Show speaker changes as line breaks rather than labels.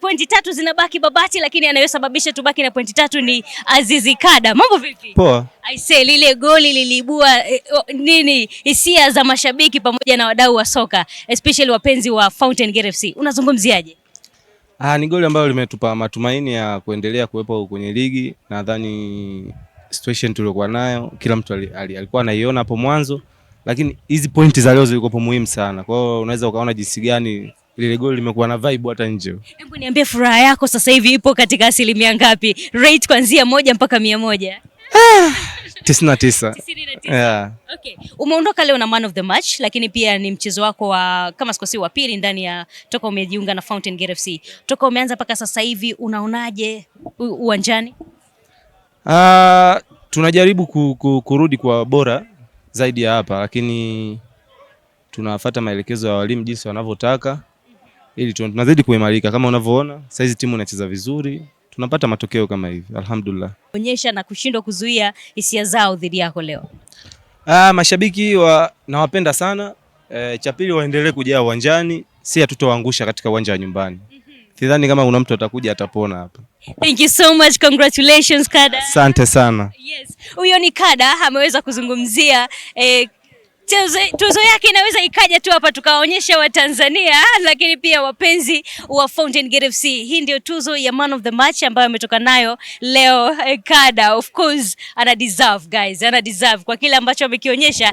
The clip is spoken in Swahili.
Pointi tatu zinabaki Babati, lakini anayosababisha tubaki na pointi tatu ni Azizi Kada. Mambo vipi? Poa. say lile goli liliibua eh, oh, nini hisia za mashabiki pamoja na wadau wa soka especially wapenzi wa Fountain Gate FC. Unazungumziaje?
Ah, ni goli ambalo limetupa matumaini ya kuendelea kuwepo kwenye ligi. Nadhani situation tuliokuwa nayo kila mtu alikuwa anaiona hapo mwanzo, lakini hizi pointi za leo zilikuwa muhimu sana. Kwa hiyo unaweza ukaona jinsi gani lile goli limekuwa na vibe hata nje.
Hebu niambie furaha yako sasa hivi ipo katika asilimia ngapi? Rate kuanzia moja mpaka mia moja.
Ah, tisini na tisa.
Yeah. Okay. Umeondoka leo na man of the match lakini pia ni mchezo wako wa kama sikosi wa pili ndani ya toka umejiunga na Fountain Gate FC. Toka umeanza mpaka sasa hivi unaonaje uwanjani?
Uh, tunajaribu ku, ku, kurudi kwa bora zaidi ya hapa lakini tunafuata maelekezo ya walimu jinsi wanavyotaka ili tunazidi kuimarika. Kama unavyoona saizi timu inacheza vizuri, tunapata matokeo kama hivi, alhamdulillah.
Onyesha na kushindwa kuzuia hisia zao dhidi yako leo.
Ah, mashabiki wa, nawapenda sana e, cha pili waendelee kujaa uwanjani, si hatutowaangusha katika uwanja wa nyumbani. Mhm. Sidhani kama kuna mtu atakuja atapona hapa.
Thank you so much. Congratulations Kada.
Asante sana.
Yes. Huyo ni Kada ameweza kuzungumzia eh, tuzo yake inaweza ikaja tu hapa tukawaonyesha Watanzania, lakini pia wapenzi wa Fountain Gate FC. Hii ndio tuzo ya man of the match ambayo ametoka nayo leo eh, Kada. Of course ana deserve guys, ana deserve kwa kile ambacho amekionyesha.